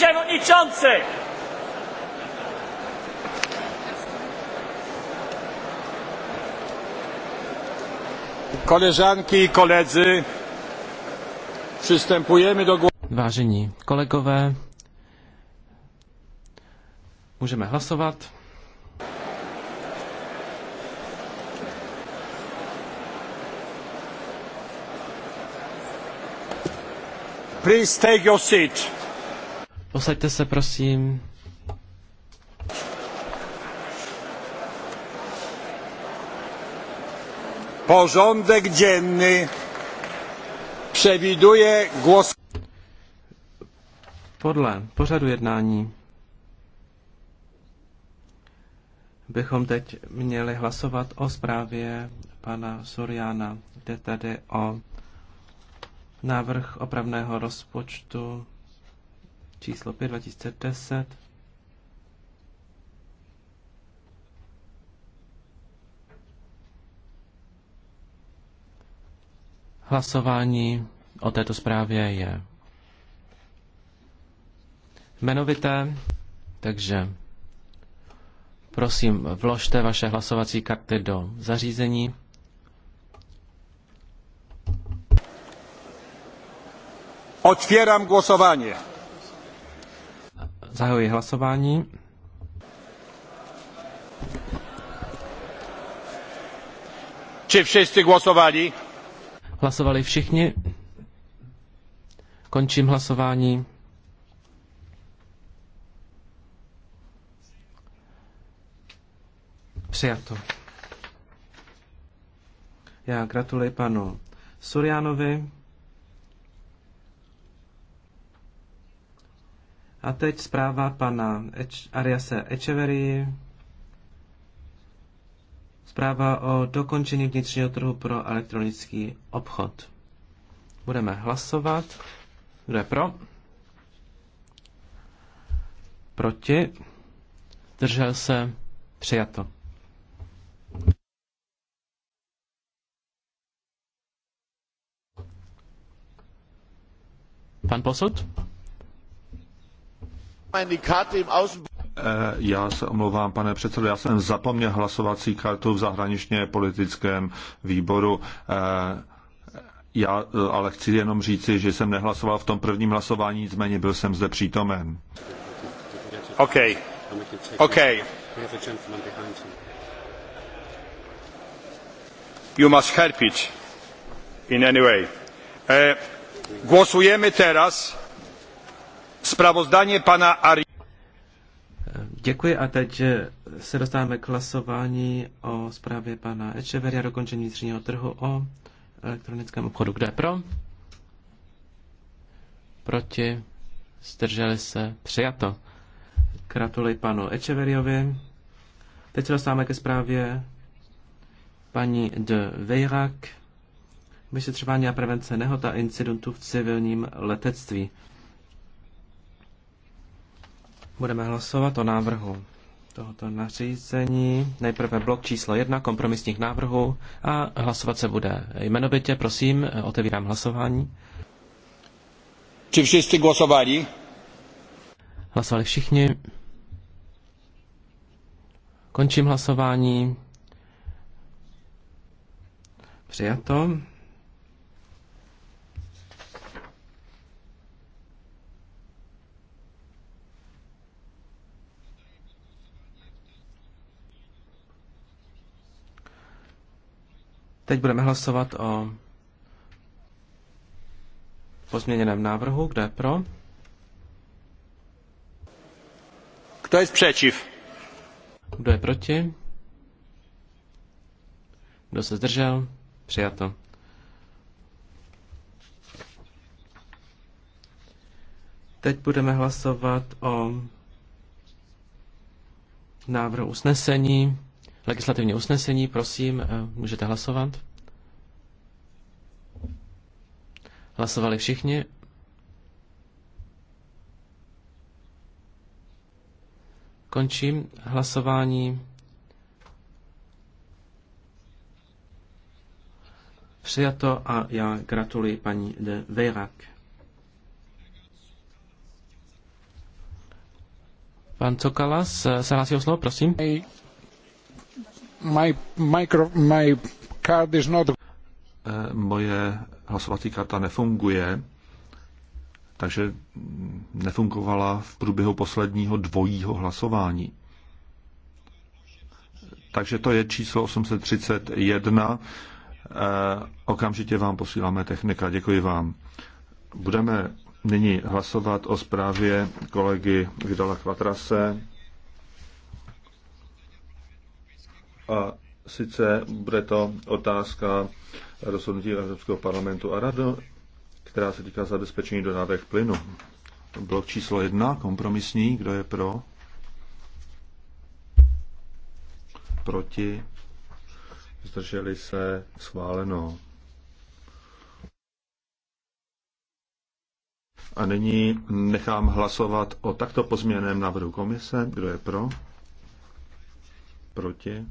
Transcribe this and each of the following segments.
przewodniczący! Koleżanki i koledzy, przystępujemy do głosowania. Vážení kolegové, můžeme hlasovat. Please take your seat. Posaďte se, prosím. Porządek dzienny przewiduje głos... Podle pořadu jednání bychom teď měli hlasovat o zprávě pana Soriana. Jde tady o návrh opravného rozpočtu číslo 5 2010. Hlasování o této zprávě je jmenovité, takže prosím, vložte vaše hlasovací karty do zařízení. Otwieram głosowanie. Zahajuji hlasování. Či všichni hlasovali? Hlasovali všichni. Končím hlasování. Přijato. Já gratuluji panu Surianovi. A teď zpráva pana Eč- Ariase Echeverry. Zpráva o dokončení vnitřního trhu pro elektronický obchod. Budeme hlasovat. Kdo je pro? Proti? Držel se? Přijato. Pan posud? Eh, já se omlouvám, pane předsedo, já jsem zapomněl hlasovací kartu v zahraničně politickém výboru. Eh, já eh, ale chci jenom říci, že jsem nehlasoval v tom prvním hlasování, nicméně byl jsem zde přítomen. OK. OK. You must help it in any way. Eh, głosujemy teraz Sprawozdanie pana Ari... Děkuji a teď se dostáváme k hlasování o zprávě pana Echeveria dokončení vnitřního trhu o elektronickém obchodu. Kdo je pro? Proti? Zdrželi se? Přijato. Gratuluji panu Echeveriovi. Teď se dostáváme ke zprávě paní de Vejrak, vyšetřování a prevence nehod a incidentů v civilním letectví. Budeme hlasovat o návrhu tohoto nařízení. Nejprve blok číslo jedna kompromisních návrhů a hlasovat se bude jmenovitě. Prosím, otevírám hlasování. Či všichni hlasovali? Hlasovali všichni. Končím hlasování. Přijato. Teď budeme hlasovat o pozměněném návrhu. Kdo je pro? Kdo je přečiv? Kdo je proti? Kdo se zdržel? Přijato. Teď budeme hlasovat o návrhu usnesení. Legislativní usnesení, prosím, eh, můžete hlasovat. Hlasovali všichni. Končím hlasování. Přijato a já gratuluji paní de Vejrak. Pan Cokalas eh, se hlásí o slovo, prosím. Eh, moje hlasovací karta nefunguje, takže nefungovala v průběhu posledního dvojího hlasování. Takže to je číslo 831. Eh, okamžitě vám posíláme technika. Děkuji vám. Budeme nyní hlasovat o zprávě kolegy Vydala Kvatrase A sice bude to otázka rozhodnutí Evropského parlamentu a rado, která se týká zabezpečení dodávek plynu. Blok číslo jedna, kompromisní, kdo je pro? Proti? Zdrželi se? Schváleno. A nyní nechám hlasovat o takto pozměněném návrhu komise. Kdo je pro? Proti?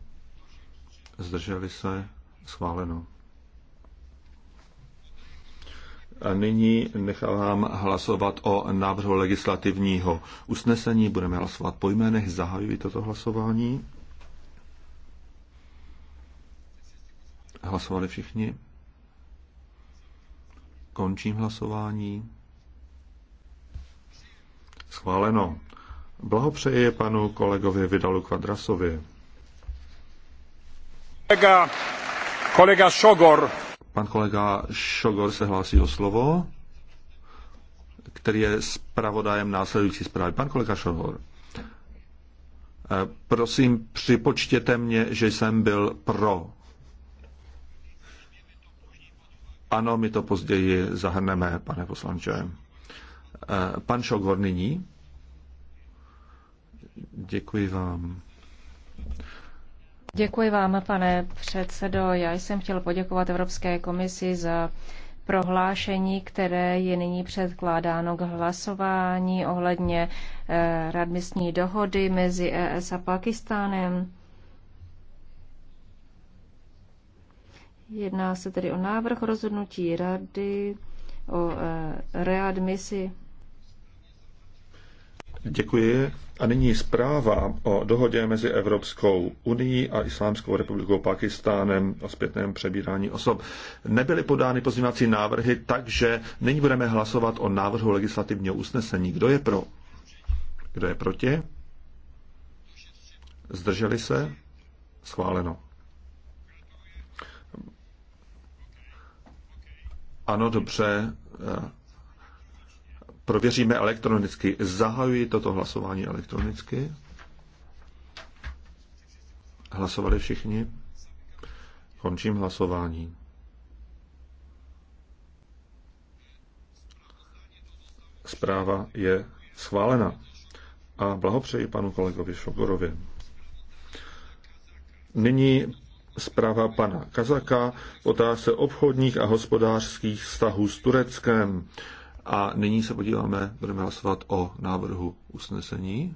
zdrželi se, schváleno. A nyní nechávám hlasovat o návrhu legislativního usnesení. Budeme hlasovat po jménech. Zahajuji toto hlasování. Hlasovali všichni. Končím hlasování. Schváleno. Blahopřeji panu kolegovi Vidalu Kvadrasovi. Kolega, kolega Šogor. Pan kolega Šogor se hlásí o slovo, který je zpravodajem následující zprávy. Pan kolega Šogor. Eh, prosím, připočtěte mě, že jsem byl pro. Ano, my to později zahrneme, pane poslanče. Eh, pan Šogor nyní. Děkuji vám. Děkuji vám, pane předsedo. Já jsem chtěl poděkovat Evropské komisi za prohlášení, které je nyní předkládáno k hlasování ohledně eh, radmistní dohody mezi ES a Pakistánem. Jedná se tedy o návrh rozhodnutí rady o eh, readmisi Děkuji. A nyní zpráva o dohodě mezi Evropskou unii a Islámskou republikou Pakistánem o zpětném přebírání osob. Nebyly podány pozměňovací návrhy, takže nyní budeme hlasovat o návrhu legislativního usnesení. Kdo je pro? Kdo je proti? Zdrželi se? Schváleno. Ano, dobře prověříme elektronicky. Zahajuji toto hlasování elektronicky. Hlasovali všichni? Končím hlasování. Zpráva je schválena. A blahopřeji panu kolegovi Šogorovi. Nyní zpráva pana Kazaka v otázce obchodních a hospodářských vztahů s Tureckem. A nyní se podíváme, budeme hlasovat o návrhu usnesení.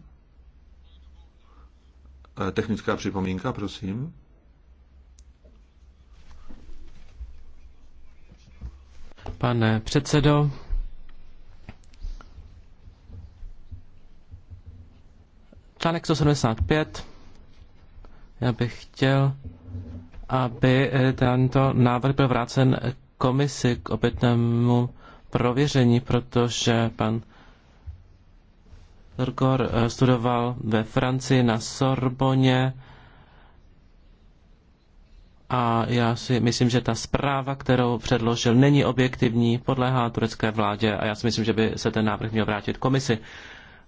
Eh, technická připomínka, prosím. Pane předsedo, článek 175, já bych chtěl, aby eh, tento návrh byl vrácen komisi k opětnému prověření, protože pan Lorgor eh, studoval ve Francii na Sorboně a já si myslím, že ta zpráva, kterou předložil, není objektivní, podléhá turecké vládě a já si myslím, že by se ten návrh měl vrátit komisi.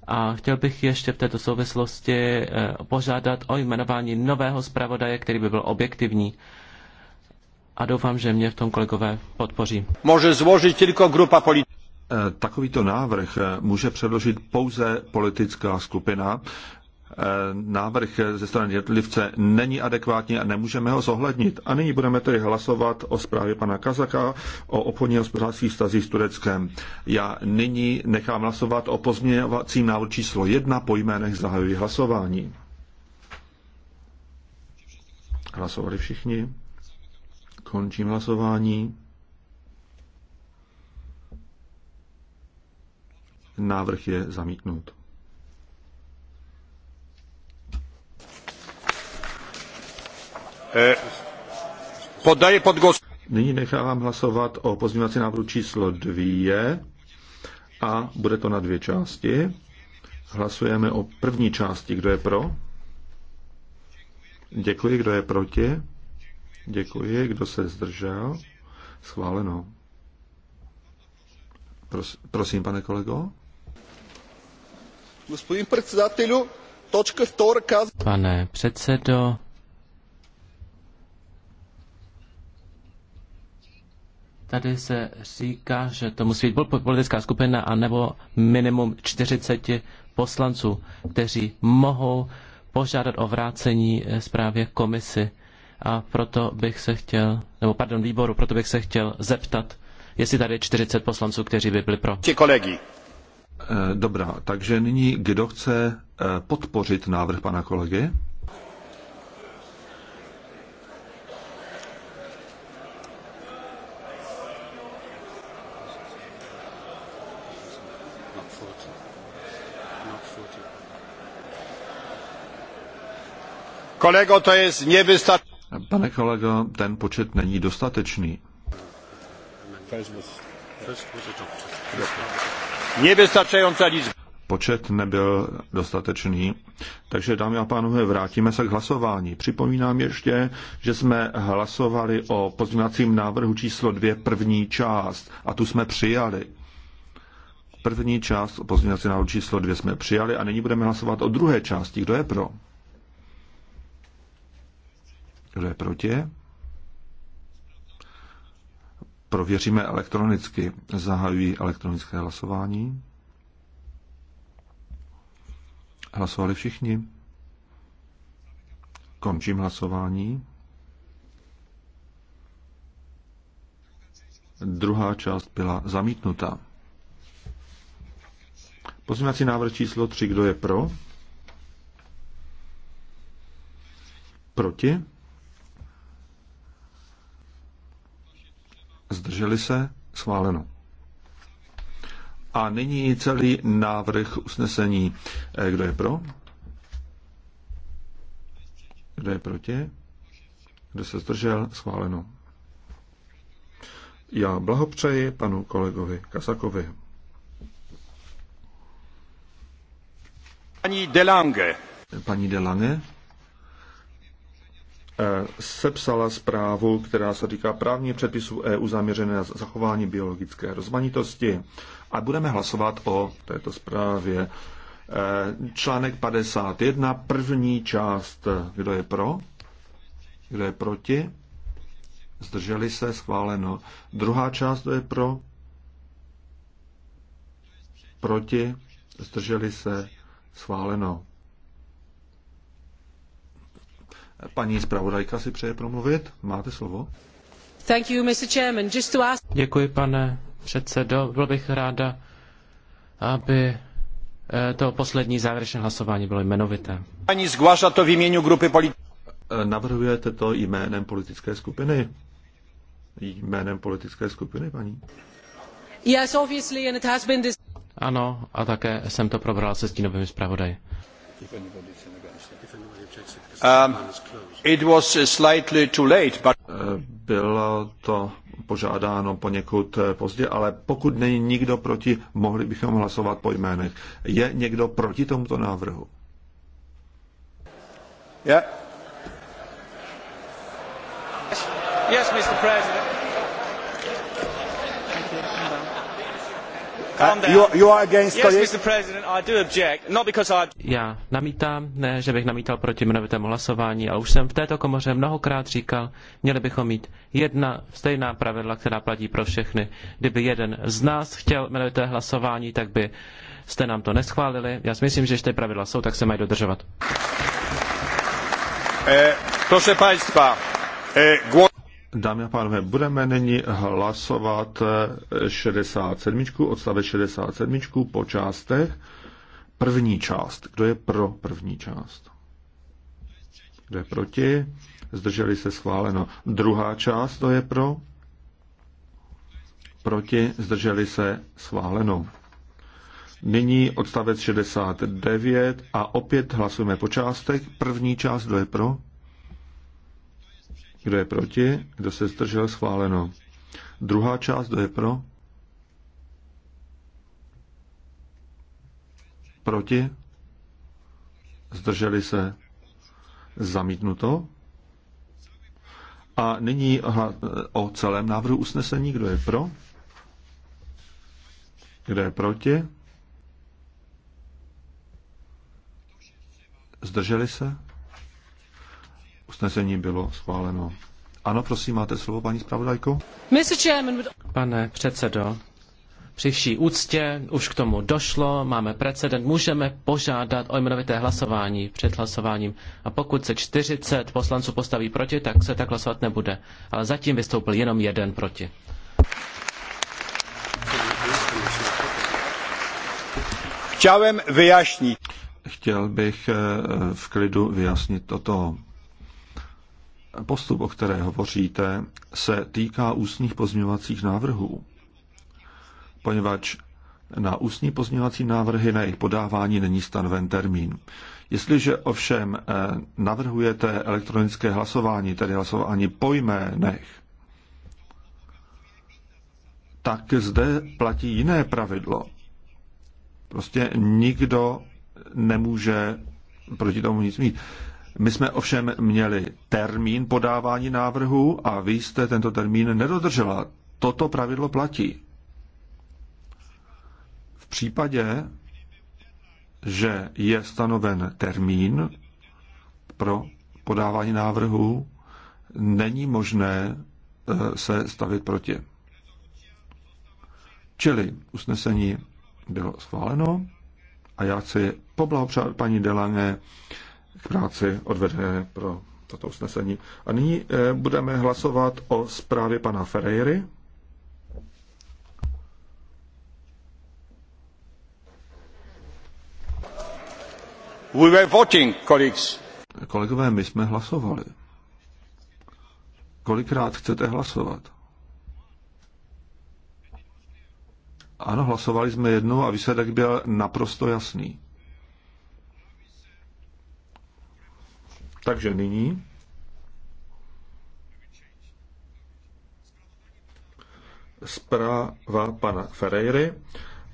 A chtěl bych ještě v této souvislosti eh, požádat o jmenování nového zpravodaje, který by byl objektivní a doufám, že mě v tom kolegové podpoří. Může zložit tylko grupa politická. Eh, takovýto návrh eh, může předložit pouze politická skupina. Eh, návrh ze strany jednotlivce není adekvátní a nemůžeme ho zohlednit. A nyní budeme tedy hlasovat o zprávě pana Kazaka o obchodní hospodářských stazích s Tureckem. Já nyní nechám hlasovat o pozměňovacím návrhu číslo 1 po jménech zahajuji hlasování. Hlasovali všichni. Končím hlasování. Návrh je zamítnut. Eh, Podaje pod gos... Nyní nechávám hlasovat o pozměňovací návrhu číslo 2 a bude to na dvě části. Hlasujeme o první části. Kdo je pro? Děkuji. Kdo je proti? Děkuji. Kdo se zdržel? Schváleno. Pros, prosím, pane kolego. Gospodin předsedatelu, točka vtorka. Pane předsedo, tady se říká, že to musí být politická skupina a nebo minimum 40 poslanců, kteří mohou požádat o vrácení zprávě komisi a proto bych se chtěl, nebo pardon, výboru, proto bych se chtěl zeptat, jestli tady je 40 poslanců, kteří by byli pro. Ti kolegy. Eh, dobrá, takže nyní kdo chce eh, podpořit návrh pana kolegy? Kolego, to jest niewystarczające. Pane kolego, ten počet není dostatečný. Počet nebyl dostatečný. Takže, dámy a pánové, vrátíme se k hlasování. Připomínám ještě, že jsme hlasovali o pozměňovacím návrhu číslo dvě, první část a tu jsme přijali. První část o pozměnacím návrhu číslo dvě jsme přijali a nyní budeme hlasovat o druhé části. Kdo je pro? Kdo je proti? Prověříme elektronicky. Zahajují elektronické hlasování. Hlasovali všichni? Končím hlasování. Druhá část byla zamítnuta. Pozměňovací návrh číslo 3. Kdo je pro? Proti? zdrželi se, schváleno. A nyní celý návrh usnesení. Eh, kdo je pro? Kdo je proti? Kdo se zdržel? Schváleno. Já blahopřeji panu kolegovi Kasakovi. Paní Delange. Paní Delange. Eh, sepsala zprávu, která se týká právní předpisů EU zaměřené na zachování biologické rozmanitosti. A budeme hlasovat o této zprávě. Eh, článek 51, první část. Kdo je pro? Kdo je proti? Zdrželi se, schváleno. Druhá část, kdo je pro? Proti? Zdrželi se, schváleno. Paní zpravodajka si přeje promluvit. Máte slovo. Thank you, Mr. Chairman. Just to ask... Děkuji, pane předsedo. Byl bych ráda, aby eh, to poslední závěrečné hlasování bylo jmenovité. Paní zgláša to v jménu grupy politické. Eh, navrhujete to jménem politické skupiny? Jménem politické skupiny, paní? Yes, obviously, and it has been this... Ano, a také jsem to probral se stínovými zpravodaji. Um, uh, eh, bylo to požádáno poněkud eh, pozdě, ale pokud není nikdo proti, mohli bychom hlasovat po jménech. Je někdo proti tomuto návrhu? Yeah. Yes, Mr. President. Uh, Já namítám, ne, že bych namítal proti jmenovitému hlasování, ale už jsem v této komoře mnohokrát říkal, měli bychom mít jedna stejná pravidla, která platí pro všechny. Kdyby jeden z nás chtěl jmenovité hlasování, tak by jste nám to neschválili. Já si myslím, že ty pravidla jsou, tak se mají dodržovat. Eh, proszę Państwa, eh, głos... Dámy a pánové, budeme nyní hlasovat 67, odstave 67 po částech. První část. Kdo je pro první část? Kdo je proti? Zdrželi se schváleno. Druhá část, kdo je pro? Proti? Zdrželi se schváleno. Nyní odstavec 69 a opět hlasujeme po částech. První část, kdo je pro? Kdo je proti? Kdo se zdržel? Schváleno. Druhá část, kdo je pro? Proti? Zdrželi se? Zamítnuto? A nyní o celém návrhu usnesení, kdo je pro? Kdo je proti? Zdrželi se? Usnesení bylo schváleno. Ano, prosím, máte slovo, paní zpravodajko. Pane předsedo, při vší úctě už k tomu došlo, máme precedent, můžeme požádat o jmenovité hlasování před hlasováním. A pokud se 40 poslanců postaví proti, tak se tak hlasovat nebude. Ale zatím vystoupil jenom jeden proti. Chtěl bych eh, v klidu vyjasnit toto postup, o které hovoříte, se týká ústních pozměňovacích návrhů, poněvadž na ústní pozměňovací návrhy na jejich podávání není stanoven termín. Jestliže ovšem eh, navrhujete elektronické hlasování, tedy hlasování po jménech, tak zde platí jiné pravidlo. Prostě nikdo nemůže proti tomu nic mít. My jsme ovšem měli termín podávání návrhu a vy jste tento termín nedodržela. Toto pravidlo platí. V případě, že je stanoven termín pro podávání návrhu, není možné eh, se stavit proti. Čili usnesení bylo schváleno a já chci poblahopřát paní Delange práci odvedené pro toto usnesení. A nyní eh, budeme hlasovat o zprávě pana Ferreiry. We were voting, colleagues. Kolegové, my jsme hlasovali. Kolikrát chcete hlasovat? Ano, hlasovali jsme jednou a výsledek byl naprosto jasný. Takže nyní zpráva pana Ferreiry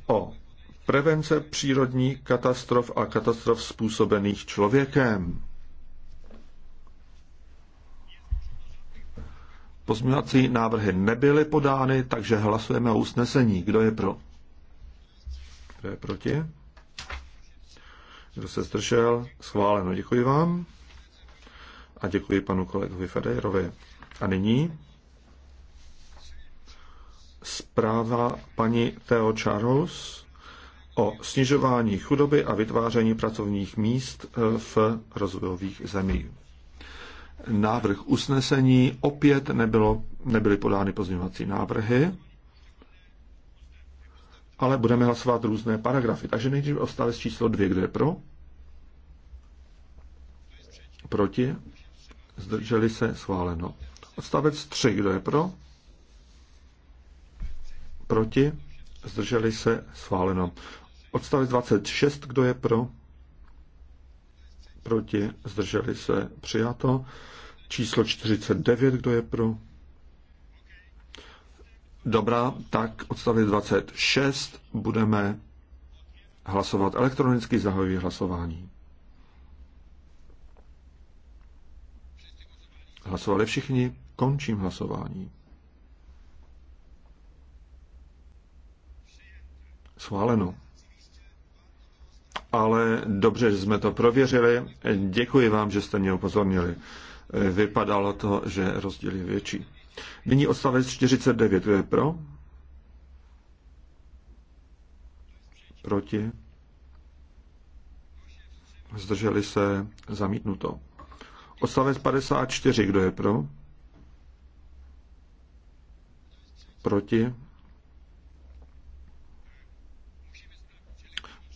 o prevence přírodních katastrof a katastrof způsobených člověkem. Pozměňovací návrhy nebyly podány, takže hlasujeme o usnesení. Kdo je pro? Kdo je proti? Kdo se zdržel? Schváleno. Děkuji vám a děkuji panu kolegovi Federovi. A nyní zpráva paní Theo Charles o snižování chudoby a vytváření pracovních míst eh, v rozvojových zemích. Návrh usnesení opět nebylo, nebyly podány pozměňovací návrhy, ale budeme hlasovat různé paragrafy. Takže nejdřív odstavec číslo dvě, kde je pro? Proti? zdrželi se, schváleno. Odstavec 3, kdo je pro? Proti, zdrželi se, schváleno. Odstavec 26, kdo je pro? Proti, zdrželi se, přijato. Číslo 49, kdo je pro? Dobrá, tak odstavec 26 budeme hlasovat elektronicky, zahajuji hlasování. Hlasovali všichni. Končím hlasování. Schváleno. Ale dobře, že jsme to prověřili. Děkuji vám, že jste mě upozornili. Vypadalo to, že rozdíl je větší. Nyní odstavec 49. Kdo je pro? Proti? Zdrželi se zamítnuto. Odstavec 54, kdo je pro? Proti?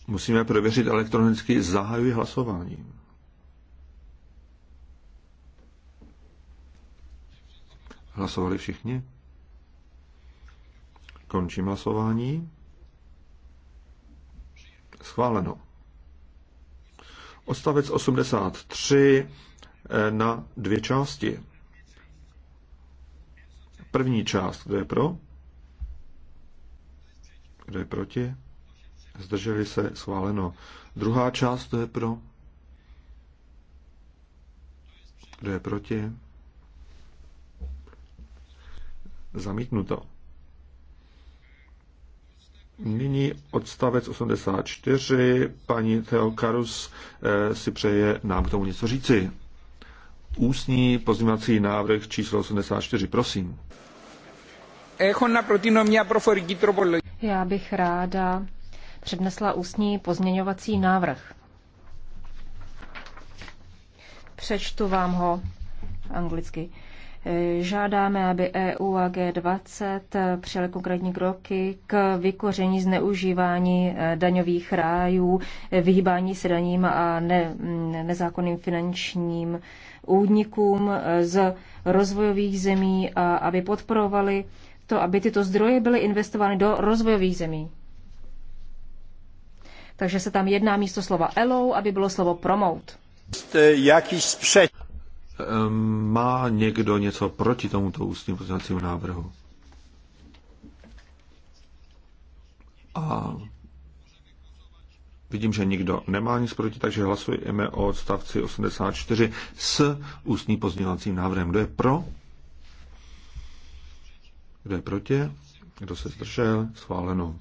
Musíme prověřit elektronicky. Zahajuji hlasování. Hlasovali všichni? Končím hlasování. Schváleno. Odstavec 83 Eh, na dvě části. První část, kdo je pro? Kdo je proti? Zdrželi se, schváleno. Druhá část, kdo je pro? Kdo je proti? Zamítnuto. Nyní odstavec 84. Paní Theo Karus eh, si přeje nám k tomu něco říci ústní pozměňovací návrh číslo 84. Prosím. Já bych ráda přednesla ústní pozměňovací návrh. Přečtu vám ho anglicky. Žádáme, aby EU a G20 přijali konkrétní kroky k vykoření zneužívání eh, daňových rájů, vyhýbání se daním a ne, mm, nezákonným finančním údnikům eh, z rozvojových zemí a aby podporovali to, aby tyto zdroje byly investovány do rozvojových zemí. Takže se tam jedná místo slova allow, aby bylo slovo promote. Jaký Ehm, má někdo něco proti tomuto ústním pozměňovacímu návrhu? A vidím, že nikdo nemá nic proti, takže hlasujeme o odstavci 84 s ústním pozměňovacím návrhem. Kdo je pro? Kdo je proti? Kdo se zdržel? Schváleno.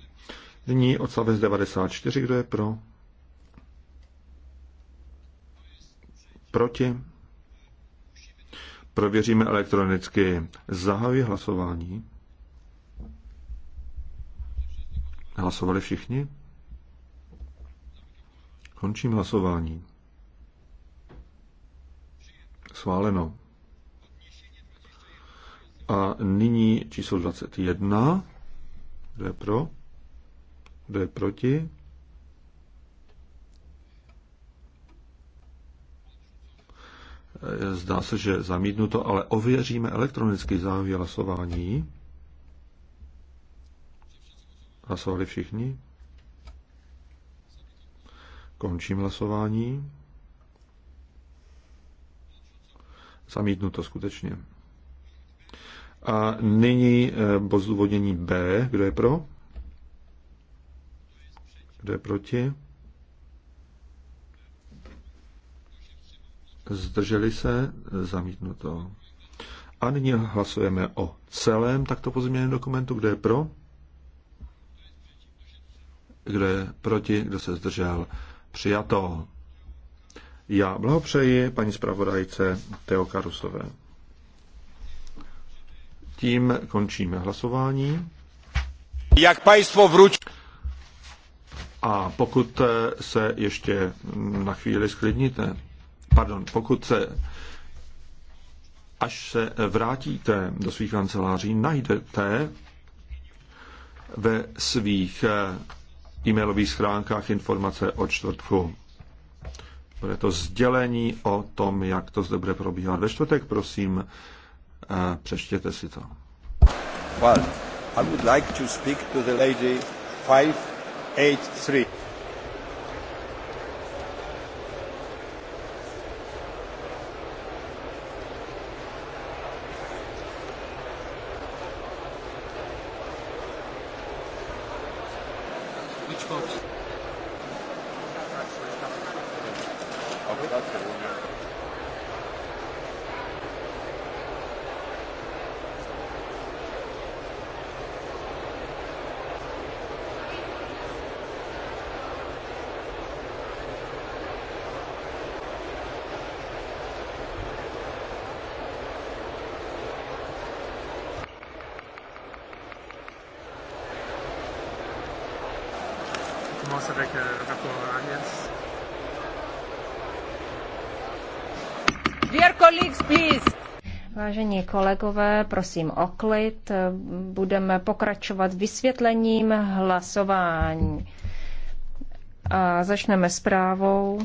Nyní odstavec 94. Kdo je pro? Proti? Prověříme elektronicky. Zahajuji hlasování. Hlasovali všichni? Končím hlasování. Sváleno. A nyní číslo 21. Kdo je pro? Kdo je proti? Zdá se, že zamítnu to, ale ověříme elektronický závěr hlasování. Hlasovali všichni? Končím hlasování. Zamítnu to skutečně. A nyní eh, bod zdůvodnění B. Kdo je pro? Kdo je proti? zdrželi se, zamítnuto. A nyní hlasujeme o celém takto pozměněném dokumentu, kde je pro, kdo je proti, kdo se zdržel, přijato. Já blahopřeji paní zpravodajce Teo Karusové. Tím končíme hlasování. Jak państwo vruč... A pokud se ještě na chvíli sklidníte, pardon, pokud se až se vrátíte do svých kanceláří, najdete ve svých eh, e-mailových schránkách informace o čtvrtku. Bude to sdělení o tom, jak to zde bude probíhat ve čtvrtek, prosím, eh, přeštěte si to. Well, I would like to speak to the lady 583. commence avec euh, le colleagues, please. Vážení kolegové, prosím o klid. Budeme pokračovat vysvětlením hlasování. A začneme zprávou.